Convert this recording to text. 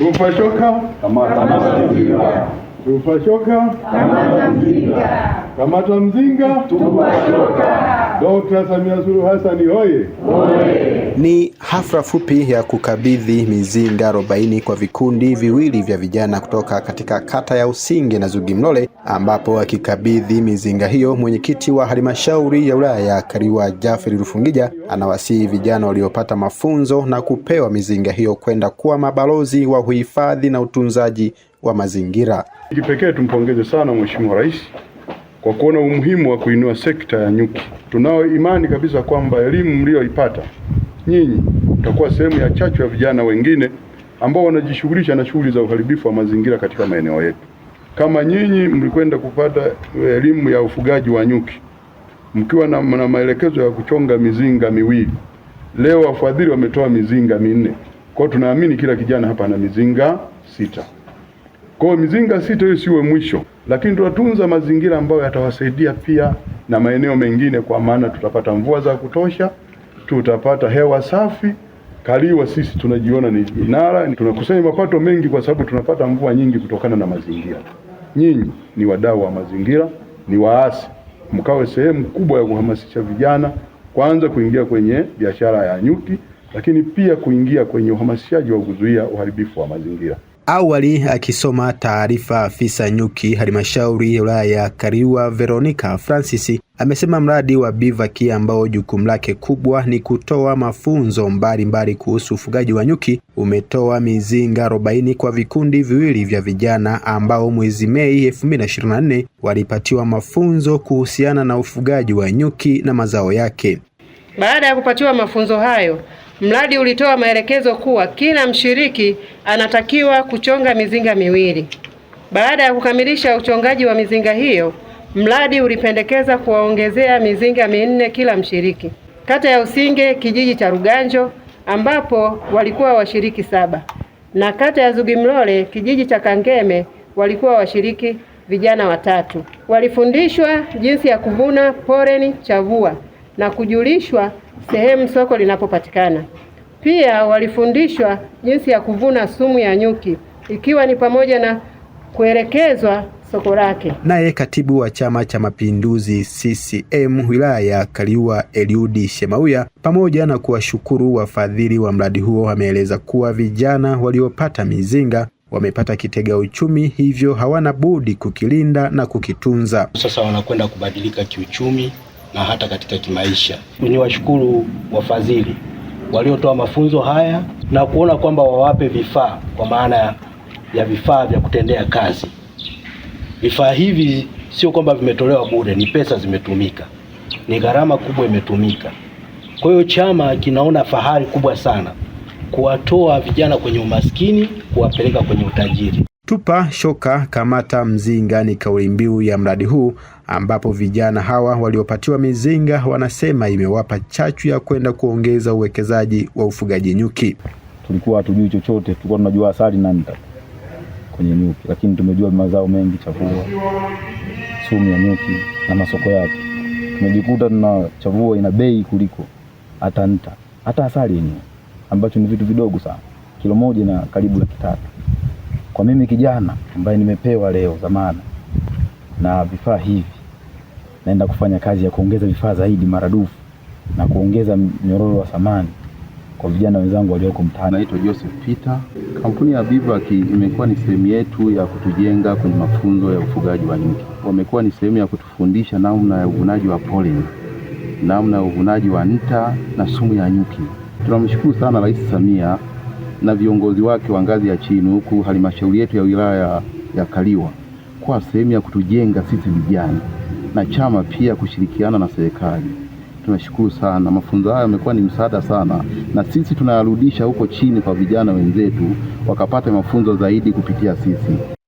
Tupashoka kamata mzinga, tupashoka kamata mzinga, kamata mzinga, tupashoka Dr. Samia Suluhu Hassan hoye! Ni hafla fupi ya kukabidhi mizinga 40 kwa vikundi viwili vya vijana kutoka katika kata ya Usinge na Zugimlole, ambapo akikabidhi mizinga hiyo mwenyekiti wa halmashauri ya wilaya Kaliua Jaferi Rufungija anawasihi vijana waliopata mafunzo na kupewa mizinga hiyo kwenda kuwa mabalozi wa uhifadhi na utunzaji wa mazingira. Kipekee tumpongeze sana Mheshimiwa Rais kwa kuona umuhimu wa kuinua sekta ya nyuki. Tunao imani kabisa kwamba elimu mliyoipata nyinyi mtakuwa sehemu ya chachu ya vijana wengine ambao wanajishughulisha na shughuli za uharibifu wa mazingira katika maeneo yetu. Kama nyinyi mlikwenda kupata eh, elimu ya ufugaji wa nyuki mkiwa na, na maelekezo ya kuchonga mizinga miwili, leo wafadhili wametoa mizinga minne. Kwa tunaamini kila kijana hapa ana mizinga sita. Kwa mizinga sita hiyo siwe mwisho lakini tutatunza mazingira ambayo yatawasaidia pia na maeneo mengine, kwa maana tutapata mvua za kutosha, tutapata hewa safi. Kaliwa sisi tunajiona ni vinara, tunakusanya mapato mengi kwa sababu tunapata mvua nyingi kutokana na mazingira. Nyinyi ni wadau wa mazingira, ni waasi, mkawe sehemu kubwa ya kuhamasisha vijana kwanza kuingia kwenye biashara ya nyuki, lakini pia kuingia kwenye uhamasishaji wa kuzuia uharibifu wa mazingira. Awali akisoma taarifa, afisa nyuki halmashauri ya wilaya ya Kaliua Veronica Francis amesema mradi wa Bivaki ambao jukumu lake kubwa ni kutoa mafunzo mbalimbali mbali kuhusu ufugaji wa nyuki umetoa mizinga 40 kwa vikundi viwili vya vijana ambao mwezi Mei 2024 walipatiwa mafunzo kuhusiana na ufugaji wa nyuki na mazao yake. Baada ya kupatiwa mafunzo hayo Mradi ulitoa maelekezo kuwa kila mshiriki anatakiwa kuchonga mizinga miwili. Baada ya kukamilisha uchongaji wa mizinga hiyo, mradi ulipendekeza kuwaongezea mizinga minne kila mshiriki. Kata ya Usinge kijiji cha Ruganjo ambapo walikuwa washiriki saba na kata ya Zugimlole kijiji cha Kangeme walikuwa washiriki vijana watatu. Walifundishwa jinsi ya kuvuna poleni chavua na kujulishwa sehemu soko linapopatikana. Pia walifundishwa jinsi ya kuvuna sumu ya nyuki ikiwa ni pamoja na kuelekezwa soko lake. Naye katibu wa Chama cha Mapinduzi CCM wilaya ya Kaliua Eliudi Shemauya, pamoja na kuwashukuru wafadhili wa mradi huo, ameeleza kuwa vijana waliopata mizinga wamepata kitega uchumi, hivyo hawana budi kukilinda na kukitunza. Sasa wanakwenda kubadilika kiuchumi na hata katika kimaisha. washukuru wafadhili waliotoa mafunzo haya na kuona kwamba wawape vifaa kwa maana ya vifaa vya kutendea kazi. Vifaa hivi sio kwamba vimetolewa bure, ni pesa zimetumika, ni gharama kubwa imetumika. Kwa hiyo chama kinaona fahari kubwa sana kuwatoa vijana kwenye umaskini kuwapeleka kwenye utajiri. Tupa shoka kamata mzinga ni kauli mbiu ya mradi huu ambapo vijana hawa waliopatiwa mizinga wanasema imewapa chachu ya kwenda kuongeza uwekezaji wa ufugaji nyuki. Tulikuwa hatujui chochote, tulikuwa tunajua asali na nta kwenye nyuki, lakini tumejua mazao mengi, chavua, sumu ya nyuki na masoko yake. Tumejikuta tuna chavua ina bei kuliko hata nta, hata asali yenyewe, ambacho ni vitu vidogo sana, kilo moja na karibu laki tatu. Kwa mimi kijana ambaye nimepewa leo dhamana na vifaa hivi, naenda kufanya kazi ya kuongeza vifaa zaidi maradufu na kuongeza mnyororo wa thamani kwa vijana wenzangu walioko mtaani. Naitwa Joseph Peter. Kampuni ya Bivouac imekuwa ni sehemu yetu ya kutujenga kwenye mafunzo ya ufugaji wa nyuki. Wamekuwa ni sehemu ya kutufundisha namna ya uvunaji wa pollen, namna ya uvunaji wa nta na sumu ya nyuki. Tunamshukuru sana Rais Samia na viongozi wake wa ngazi ya chini, huku halmashauri yetu ya wilaya ya Kaliwa kwa sehemu ya kutujenga sisi vijana na chama pia kushirikiana na serikali. Tunashukuru sana, mafunzo haya yamekuwa ni msaada sana, na sisi tunayarudisha huko chini kwa vijana wenzetu wakapata mafunzo zaidi kupitia sisi.